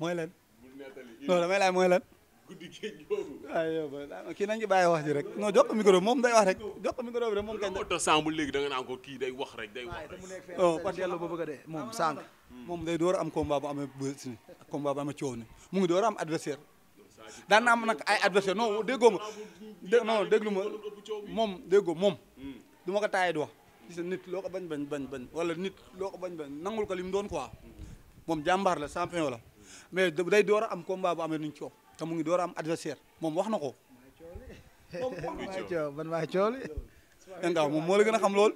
mooy lan. non damay laaj mooy lan. guddi ah, kii nañ ci bàyyi wax ji rek non jox ko moom day wax rek jox ko micro bi rek moom. kañ la léegi da nga naan wax rek day wax rek. non oh, parce que yàlla ba bëgg a dee moom sànq. moom door am combat bu amee bës ni ak combat bu amee coow mu door am adversaire daan na am nag ay adversaire non déggoo ma dé non déglu ma moom déggoo moom. du ma ko taayee di wax. nit loo bañ bañ bañ bañ wala nit loo bañ bañ nangul ko li mu doon quoi moom jàmbaar la champion la. mais day door a am combat bu amee nuñ coow te mu ngi door am adversaire moom wax na ko. man maa cooli Yankaw moom moo la gën a xam lool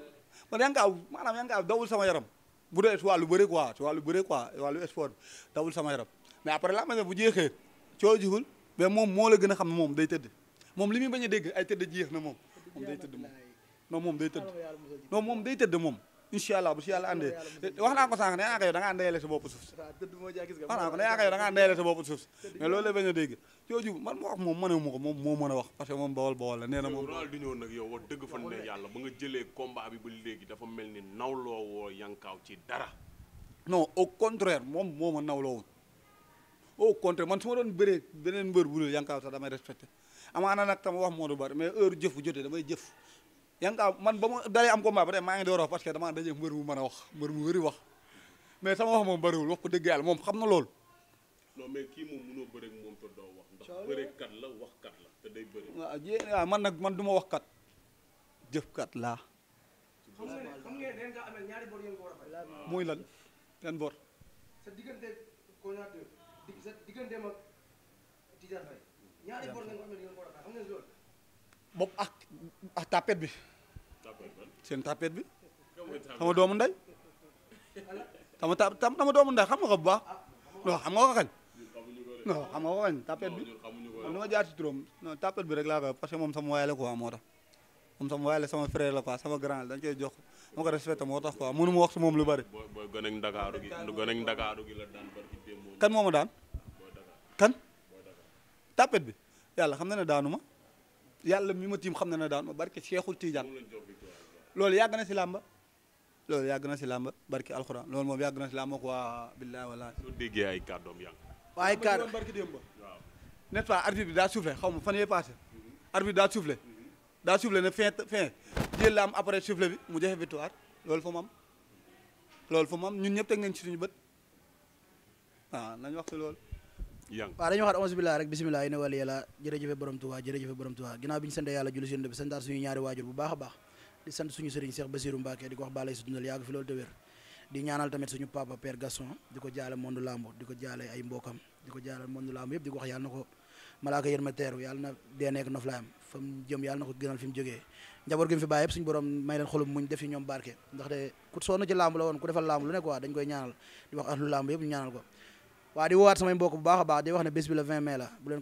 man Yankaw maanaam Yankaw dawul sama yaram bu dee wàllu bëre quoi wàllu bëre quoi wàllu sport dawul sama yaram mais après laa ma bu jeexee coow mais moom moo la gën a xam moom day tëdd moom li muy bañ a dégg ay tëdd jeex na moom moom day tëdd moom non moom day tëdd non moom day tëdd moom incha allah bu si yàlla àndee wax naa ko sànq nee naa ko yow da ngaa ndeyalee sa bopp suuf wax naa ko nee naa ko yow da ngaa ndeyalee sa bopp suuf mais loolu la bañ a dégg cooju man ma wax moom mënewuma a wax parce que na moom Ronaldinho di ñëw nag nawloo woo yankaaw contraire moom moo ma nawloowu au man su ma doon beneen mbër bu dul yankaaw sax damay respecté amaana nag tam wax moo du bari mais heure jëf jote damay jëf yaa ngi man ba ma dalee am combat ba tey maa ngi door wax parce que damaa daje mbër mu mën a wax mbër mu wëri wax mais sama wax moom bëriwul wax ko dëgg yàlla moom xam na loolu. non kii moom mënoo bëre ak wax ndax la waxkat la te man nag man du ma waxkat jëfkat laa. xam nga a muy lan yan bor. a fay xam nga loolu. bopp ak ak bi. seen tapet bi sama doomu nday sama doomu nday xam nga ko bu baax non xam nga ko kañ non xam nga ko kañ bi man ma jaar ci turam non bi rek laa koy parce que moom sama waay la quoi moo tax moom sama waay sama frère la quoi sama grand la dañ koy jox ma ko respecté moo tax quoi mënu ma wax si moom lu bari. booy booy gone ak Ndakaaru gi gone Ndakaaru gi la kan moo ma daan kan tapet bi yàlla xam na ne daanu ma yàlla mi ma tiim xam na ne daanu ma barki Seexul Tijaan loolu yàgg na si làmba loolu yàgg na si làmba barki alxuraan loolu moom yàgg na si làmba ko billahi wallahi soo déggee ay kàddoom yàgg waaye kàddu barki démb waaw nest pas arbitre bi daa soufflé xaw ma fan yee passé arbitre daa soufflé daa soufflé ne fin fin jël la am après soufflé bi mu joxe victoire loolu fa mu am loolu fa mu am ñun ñëpp teg nañ ci bët waaw nañ wax si loolu yang dañu waxaat onze billah rek bisimilah ina wali yàlla jërëjëfe borom Tuubaa borom Tuubaa ginnaaw bi ñu sant yàlla julli si bi santaar suñu ñaari bu baax a sant suñu sëriñ Cheikh Basirou Mbacke di ko wax balay su dundal yàgg fi loolu te wér di ñaanal tamit suñu papa père Gaston di ko jaale monde lamb di ko jaale ay mbokam di mu jëm yàlla na ko gënal fi mu jógee njaboot gi mu fi bàyyi yëpp suñu bu baax a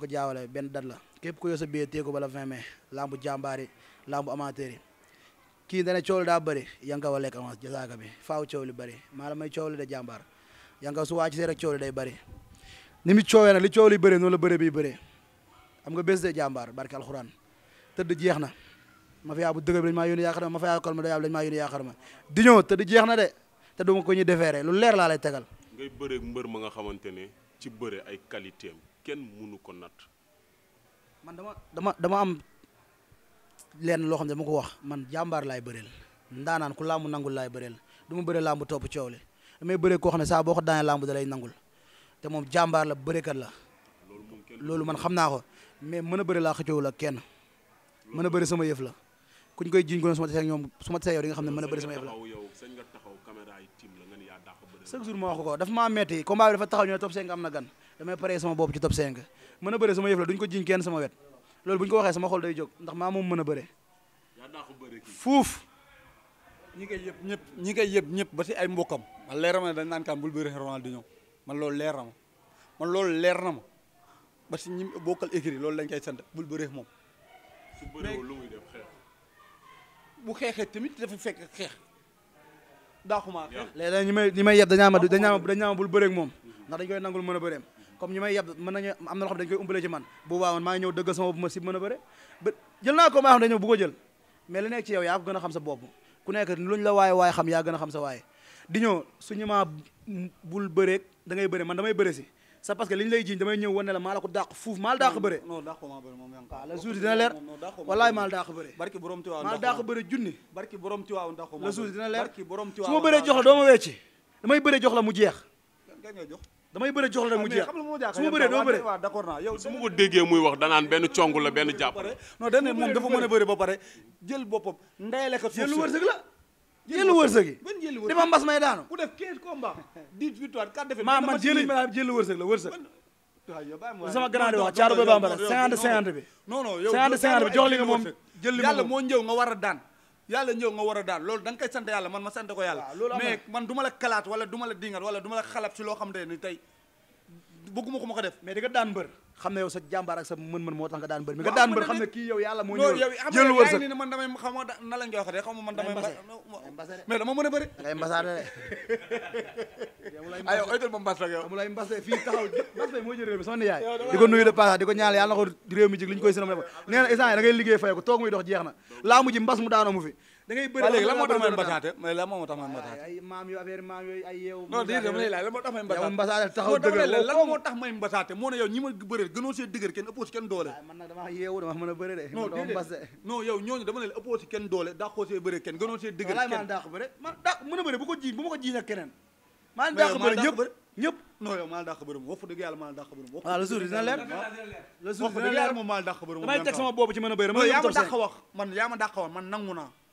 ko jaawale benn date la képp ku yoo sa biyee téeko ba la 20 mai lamb jàmbaari lamb amateur kii dana coow li daa bëri yanka wa lekk jasaaka bi faaw coow li bëri maa la may coow li da jàmbaar yanka su wàcc see rek coow li day bëri ni mu coowee li coow li bëree noonu la bëree bi bëree am nga bés de jàmbaar barke alxuraan tëdd jeex na ma fi yaa bu dëgër bi dañu ma ma fi ma dañu maa yónni yaakaar ma di ñëw tëdd jeex na de te du ma ko ñuy defeere lu leer laa lay tegal ngay bëreeg mbër ma nga xamante ne ci bëre ay qualité am kenn mënu ko natt man dama dama am leen loo xam ne mu ko wax ma bëre làmb topp coow li damay bëre koo xam ne la bërekat la loolu man xam naa ko mais mën a bëre laa la kenn mën a bëre sama yëf la kuñ koy jiñ ko su ma tasee ak ñoom su ma tasee yow di nga xam ne mën a bëre sama yëf la chaque jour ma wax ko dafa maa metti combat bi dafa taxaw ñu ne top 5 am na gan damay paree sama bopp ci top 5 mën a bëre sama yëf la duñ ko jiñ kenn sama wet loolu bu ñu ko waxee sama xol day jóg ndax maa moom mën a bëre fuuf ñi koy yëpp ñëpp ñi koy yëpp ñëpp ba si ay mbokkam ma leer na dañ naan kaan bul bëre man loolu leer na ma loolu leer na ma ba ci ñi bokkal écrit loolu lañ koy sant bul bëre moom bu xeexee tamit dafa fekk xeex daaxumaa xeex léeg-léeg ñi may ñi may yeb dañaa ma ma dañaa ma bul bëreeg moom ndax dañ koy nangul mën a bëreem comme ñu may yab mën nañu am na loo xam dañ koy umbale ci man bu baax ñëw dëggal sama bu ma sib mën a bëre ba jël naa ko maa xam dañoo bëgg a jël mais nekk ci yow yaa ko gën a xam sa bopp ku nekk luñ la waaye waaye xam yaa gën a xam sa waaye di ñëw suñu maa bul bëreeg da ngay bëre man damay ñëw wane la maa la ko dàq fuuf maa la dàq bëre non dàq maa bëre moom waaw la jour dina leer la junni su ma bëree jox la doo ma damay bëre jox la mu jeex damay bëre jox la rek mu ah, jeex su ma bëree doo bëre d'accord naa yow la benn jàpp non dañ ne moom a bëre ba pare jël boppam ndeyale ko jël wërsëg la jël wërsëg yi dafa mbas may daanu ku def 15 combats 10 victoires 4 maa ma jël wërsëg la wërsëg sama grand di caaru ba bambara 50 50 bi non nga moom jël li nga war a daan yàlla ñëw nga war a daal loolu da nga koy yàlla man ma sant ko yàlla mais man du ma la kalaat wala du ma la dingat wala du ma la xalab si loo xam ne ni tey bëgguma ko ma ko def mais di nga daan mbër xam ne yow sa jàmbaar ak sa mën-mën moo tax nga daan mbër mi nga daan mbër xam ne kii yow yàlla moo ñëw jël wërsëg ni man damay xam nga na lañ koy waxatee a bëri ngay mbasaade de ma mbas rek yow moo jël réew mi sama nijaay di ko nuyu de passage di ko ñaanal yàlla li ñu koy sënam na instant yi da ngay liggéey fay ko toog muy dox laa mu ji mbas mu daanoo mu fi da ngay bëri moo tax may mbasaate moo tax may mbasaate dama lay laaj lan moo tax may mbasaate yow mbasaate taxaw dëgër see dëgër kenn ëppoo si kenn doole man nag kenn doole see bëri kenn gënoo see dëgër kenn man dàq bëri man dàq mën a bëri bu ko jiiñ bu ma ko jiiñ keneen maa dàq bëri ñëpp ñëpp non yow maa dàq bëri moom maa dàq bëri moom ah, moom maa dàq bëri moom yaa ma dàq wax man yaa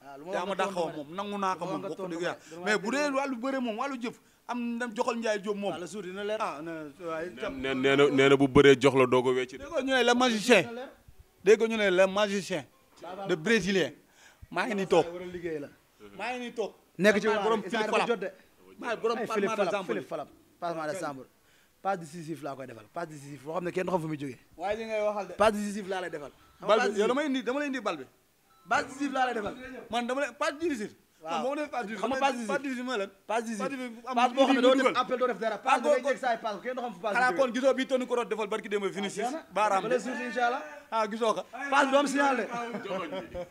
Ah, yaa ma dàqaw moom nangu naa ko moom bokk dëgg yàlla mais bu dee wàllu bëre moom wàllu jëf am na joxal njaay jóob moom ah, ah nee na nee na bu bëree jox la doog a wecc dégg ñu ne le magicien dégg ñu brésilien maa ngi nii toog maa ngi nii toog nekk ci borom Philippe Falab maa de chambre passe décisif laa koy defal passe décisif boo xam ne kenn xam fu muy jógee waaye li laa lay defal bal bi yow dama indi dama lay indi bal bi base dix-huit laa lay defal man dama lay passe dix-huit waaw moom def passe dix-huit xam nga passe dix-huit mooy lan passe dix-huit passe boo xam ne doo def appel doo def ah, ba suuf incha allah ah gisoo ko passe doom signal de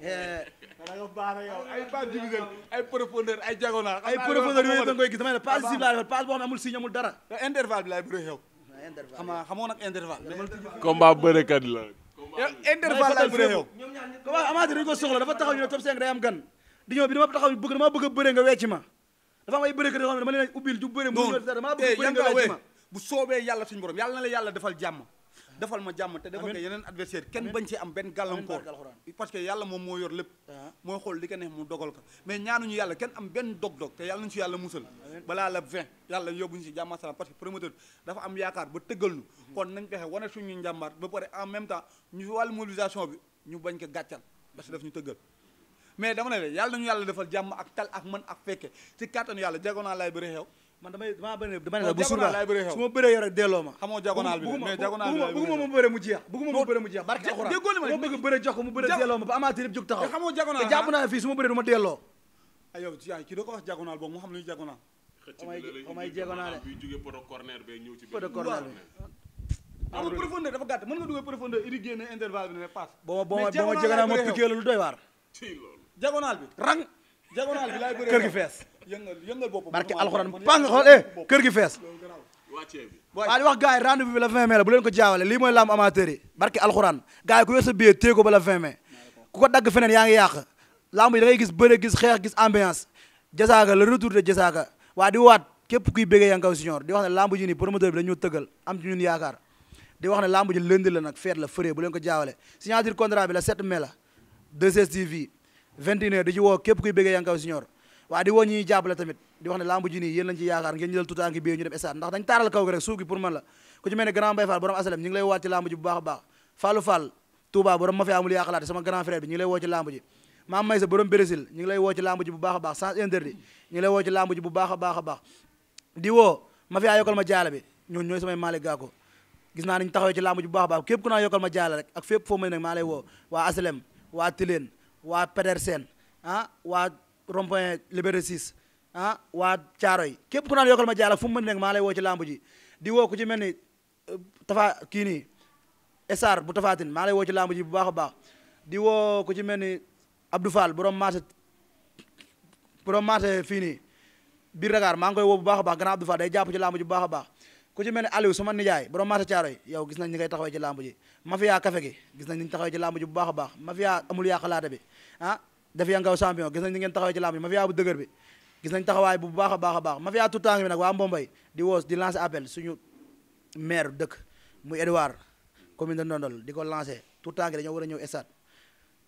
eh. danga ay passe diviseur ay profondeur ay diagonal ay profondeur yooyu danga koy gis damay ne passe dix-huit xam ne amul signe amul dara intervalle bi laay bëre xew xam nga xamoo nag intervalle combat Eh, intervalle laa bëree yow waaw amateur dañu ko soxla dafa taxaw ñu ne top 5 day gan di ñëw bi dama taxaw bëgg dama bëgg a bëre nga ma dafa am ay bëre kër yoo xam ne dama leen ubbil mu ñëw dama bëgg eh, bëre nga wecci ma bu soobee yàlla suñu borom yàlla na la yàlla defal jàmm defal ma jàmm te defal ko yeneen adversaire kenn bañ ci am benn gàllankoor parce que yàlla moom moo yor lépp ah. mooy xool li ko neex mu dogal ko mais ñaanuñu yàlla kenn am benn dog-dog te yàlla nañu si yàlla musal balaa la vingt yàlla yóbbuñu si jàmm salaam parce que promoteur dafa am yaakaar ba tëggal ñu mm-hmm. kon nañ fexe wane suñu njàmbaar ba pare en même temps ñu wàllu mobilisation bi ñu bañ ko gàccal parce que daf ñu tëggal mais dama ne la yàlla nañu yàlla defal jàmm ak tal ak mën ak fekke ci kàttanu yàlla jegoonaa lay bi réxew man damay damaa bëri dama ne la bu suba su ma bëree yore delloo ma bëre mu jeex bëgguma mu bëre mu jeex barke alxuraan ma bëre jox ko bëre delloo ma ba ah. du ma delloo ah, ay ko wax jagonaal mu xam luy jagonaal xamay jagonaal bi jóge poto corner bi ñëw ci poto corner bi ah, amul profondeur dafa gàtt na ne passe boo ma boo ma jagonaal lu doy waar jagonaal bi diagonal bi laay bëree kër gi fees. barke alxuraan pang xool eh kër gi fees. waa di wax gars yi bi la 20 mai la bu leen ko jaawale lii mooy lamb amateur yi barke alxuraan gars ku weesu billet téye ba la 20 ku ko dagg feneen yaa ngi yàq lamb yi da ngay gis bëre gis xeex gis ambiance jasaaka le retour de jasaaka waa di waat képp kuy béggee Yankaw Senior di wax ne lamb ji nii promoteur bi dañoo tëggal am ci ñun yaakaar di wax ne lamb ji lënd la nag feet la fëree bu ko jaawale signature contrat bi la 7 mai la 21h di ci woo képp kuy bëggee Yankaw Junior waa di woo ñuy jàppale tamit di wax ne lambu ji nii yéen lañ ci yaakaar ngeen jëlal tutaanki bi ñu dem taaral kaw rek suuf gi la ku ci mel ne grand Baye Fall borom asalem ñi a baax Fallou Fall Touba woo ci lambu ji Maysa borom Brésil ñi ngi woo ci lambu bu baax a baax sans interdit ñi ngi lay woo di woo ma fi aa yokkal ma jaala bi ñoon ñooy samay Malick Gakou gis naa niñ taxawee ci lambu ji bu baax a baax waa asalem waa Petersen ah waa rond-point Liberté 6 ah waa Thiaroye képp ku naan yokkal ma jaala fu mu mën nekk maa lay woo ci lamb ji di woo ku ci mel ni euh, tafa kii nii Essar bu Tafatin maa lay woo ci lamb ji bu baax a baax di woo ku ci mel ni Abdou Fall borom marché borom marché fii nii biir Dakar maa ngi koy woo bu baax a baax gannaaw Abdou Fall day jàpp ci lamb ji bu baax a baax ku ci mel ne Aliou sama nijaay borom marché caaro yi yow gis na ni ngay taxawee ci làmb ji mafia café gi gis nañ ni ñu taxawee ci làmb ji bu baax a baax mafia amul yaa xalaate bi ah daf yangaw champion gis nañ ni ngeen taxawee ci làmb ji mafia bu dëgër taxawaay bu baax a baax baax mafia tout temps bi nag waa Mbombay di woos di lancer appel suñu maire dëkk mu Edouard commune de Ndondol di ko lancer tout temps gi dañoo war a ñëw estade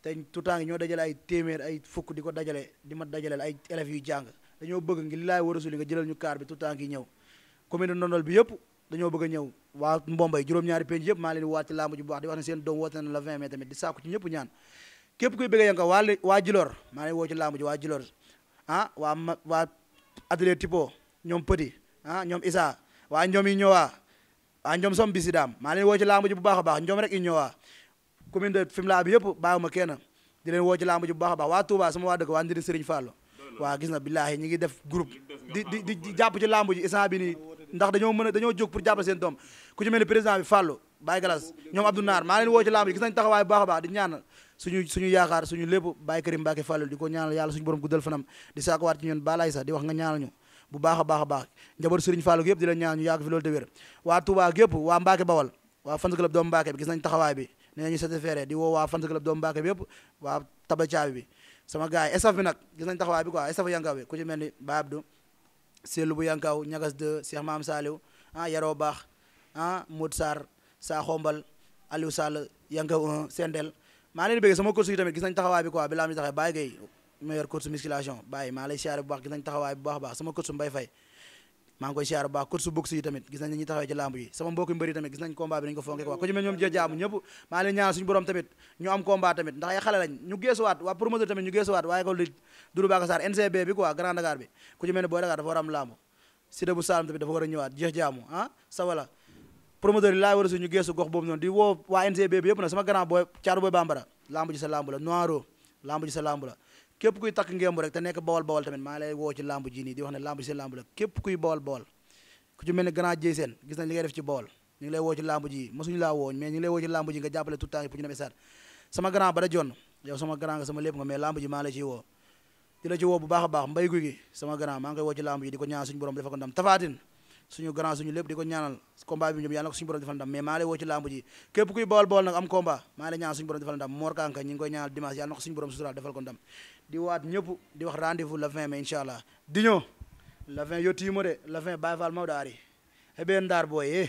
te tout temps ñoo dajale ay téeméer ay fukk di ko dajale di ma dajaleel ay élèves yu jàng dañoo bëgg ngi li laay war a suli ñu kaar bi tout temps ñëw commune de Ndondol bi yëpp dañoo bëgg a ñëw waa Mbombay juróom-ñaari penc yëpp maa leen di waat ci bu baax di la 20 mai tamit di a yëngu waa waa Jilor maa leen woo ci làmb ji waa Jilor ah ma waa atelier Tipo ñoom Petit ah ñoom Isa waa ñoom yi bu baax a baax ñoom rek i ñëwaa commune de Fimela bi yëpp bàyyiwuma kenn di leen woo ci làmb ji bu baax a baax waa Touba sama waa dëkk waa ndiri Serigne Fallou waa gis na billaahi ñi ngi di di di jàpp ci làmb ji ndax dañoo mën a dañoo jóg pour jàppale seen doom ku ci ni président bi Fallou Baye Galas ñoom Abdou maa leen woo ci lamb yi gis nañ taxawaay bu baax a baax di ñaanal suñu suñu yaakaar suñu lépp Baye Karim Mbacke Fallou di ko ñaanal yàlla suñu borom guddal fanam di saakowaat ci ñun balay ñu bu a baax a baax njaboot Serigne Fallou yëpp di woo waa fans club doomu Mbacke bi yëpp waa Taba Caabi bi sama gars yi staff nag gis nañ taxawaay bi quoi staff Yankaw bi ku ci ni Baye Abdou Seelu bu Yankaaw ñagas de Cheikh Maam Saliou ah Yaroo Baax ah Mout Sarr saa xombal Aliou Sall Yankaaw Sendel maa leen di bëgg sama course yi tamit gis nañ taxawaay bi quoi bi laa mi taxee bàyyi gay meilleur course musculation bàyyi maa lay siyaare bu baax gis nañ taxawaay bu baax baax sama course Mbay Fay maa ngi koy siyaar baax course boxe yi tamit gis nañ ñi taxawee ci sama mbokki mbëri tamit gis nañ combat bi nañ ko fonke quoi ku ci mel ñoom jë jaamu ñëpp maa leen ñaan suñu borom tamit ñu am combat tamit ndax ay xale lañ ñu waa promoteur tamit ñu geesuwaat waaye ko li Doudou a am bu Saalum tamit dafa war a ñëwaat jeex jaamu ah sa wala laa war a suñu geesu gox boobu noonu di woo waa NCB bi yëpp na sama grand booy caaru booy bambara lamb sa lamb la noiro lamb sa lamb la képp kuy takk ngemb rek te nekk bawal bawal tamit maa lay woo ci lamb ji nii di wax ne lamb ji seen ku bawal bawal nag am combat maa lay ñaan suñu defal ndam Mor Kanka ñi ñaanal dimanche yàlla na ko suñu borom sutural defal ko di waat ñëpp di wax rendez-vous le 20 mai incha allah di ñëw le 20 yottiima de le 20 Baye Fall Maodo Ari heɓee ndaar booy eh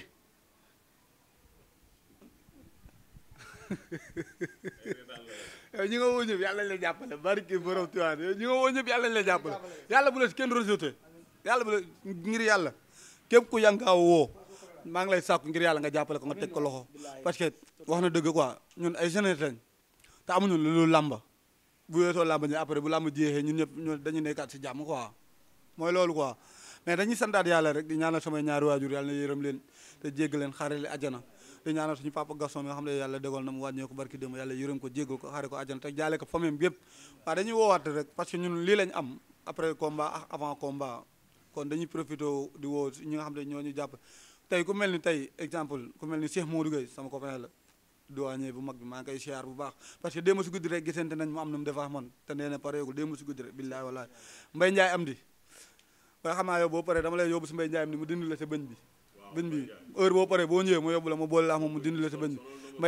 ñi nga woo ñëpp yàlla lañ la jàppale barki borom Tiwaawan ñi nga woo ñëpp yàlla lañ la jàppale yàlla bu la kenn rejeté yàlla bu la ngir yàlla képp ku yankaa woo maa ngi lay sàkku ngir yàlla nga jàppale ko nga teg ko loxo parce que wax na dëgg quoi ñun ay jeunesse lañ te amuñu lu làmba bu weesoo làmb ji après bu làmb jeexee ñun ñëpp ñoo dañu nekkaat si jàmm quoi mooy loolu quoi mais dañuy santaat yàlla rek di ñaana samay ñaari waajur yàlla na yërëm leen te jégg leen xare leen ajana te ñaanal suñu papa Gaston mi nga xam ne yàlla dégool na mu wàññee ko barki démb yàlla yërëm ko jéggal ko xare ko ajana te jaale ko famille yëpp waaw dañuy woowaat rek parce que ñun lii lañ am après combat ak avant combat kon dañuy profité di woo ñi nga xam ne ñoo ñu jàpp tey ku mel ni tey exemple ku mel ni Cheikh Modou Gueye sama copain la doañee bu mag bi maa ngi koy siyaar bu baax parce que démb si guddi rek gisante nañ mu am na mu defaax man te nee na pareegul démb si guddi rek billaay walaay mbay njaay am di ba xam boo paree dama lay yóbbu si mbay njaay am di mu dindi la sa bëñ bi bëñ bi heure boo paree boo ñëwee mu yóbbu la ma boole la moom mu dindi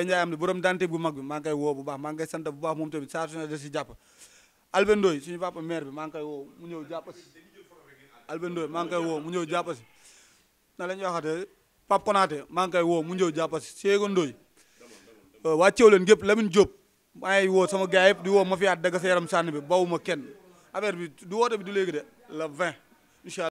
la am di borom dante bu mag bi maa ngi koy woo bu baax maa ngi koy sant bu baax moom tamit saa su ne da si jàpp albendooy suñu papa maire bi maa ngi koy woo mu ñëw jàpp si maa ngi koy woo mu ñëw jàpp si na la ñuy waxate pap konaate maa ngi koy woo mu ñëw jàpp si seegondooy Euh, waa Thiawlène gépp Lamine Diop maa ngi woo sama gars yëpp di woo ma fi at daga sa yaram sànni bi bawu ma kenn affaire bi du woote bi du léegi de la 20 incha